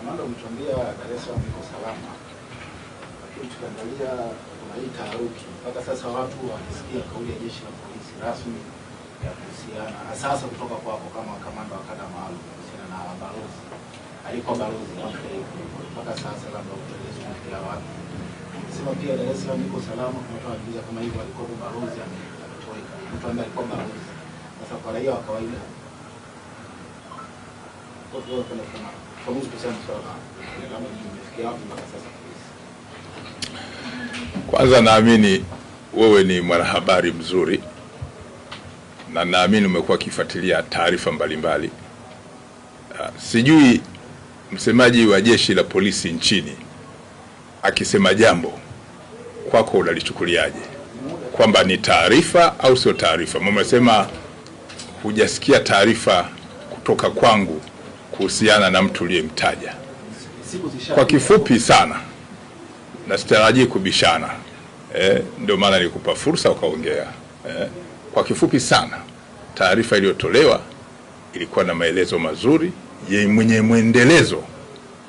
Kamanda, umetuambia Dar es Salaam iko salama, lakini tukiangalia kuna hii taharuki mpaka sasa, watu wakisikia kauli ya jeshi la polisi rasmi ya kuhusiana na sasa kutoka kwako kama kamanda wa kada maalum kuhusiana na balozi alikuwa balozi mpaka sasa, labda utueleze kufikia wapi. Umesema pia Dar es Salaam iko salama, kunatoa kama hivyo alikuwa balozi ametoweka, mtu ambaye alikuwa balozi sasa kwa raia wa kawaida kwa kwanza naamini wewe ni mwanahabari mzuri na naamini umekuwa ukifuatilia taarifa mbalimbali. Ah, sijui msemaji wa jeshi la polisi nchini akisema jambo kwako unalichukuliaje? Kwamba ni taarifa au sio taarifa? Mmesema hujasikia taarifa kutoka kwangu kuhusiana na mtu uliyemtaja. Kwa kifupi sana, na sitarajii kubishana eh, ndio maana nilikupa fursa ukaongea eh. Kwa kifupi sana, taarifa iliyotolewa ilikuwa na maelezo mazuri mwenye mwendelezo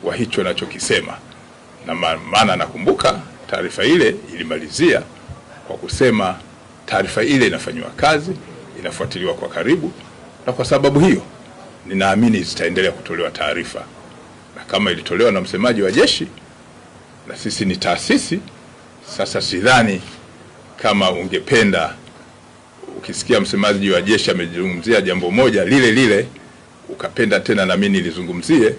wa hicho nachokisema, na maana nakumbuka taarifa ile ilimalizia kwa kusema taarifa ile inafanyiwa kazi, inafuatiliwa kwa karibu, na kwa sababu hiyo ninaamini zitaendelea kutolewa taarifa, na kama ilitolewa na msemaji wa jeshi na sisi ni taasisi. Sasa sidhani kama ungependa ukisikia msemaji wa jeshi amezungumzia jambo moja lile lile ukapenda tena mimi nilizungumzie,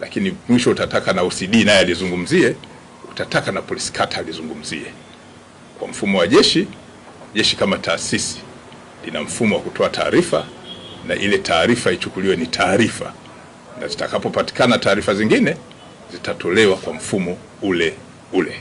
lakini mwisho utataka na OCD naye alizungumzie, utataka na polisi kata alizungumzie. Kwa mfumo wa jeshi, jeshi kama taasisi lina mfumo wa kutoa taarifa na ile taarifa ichukuliwe ni taarifa, na zitakapopatikana taarifa zingine zitatolewa kwa mfumo ule ule.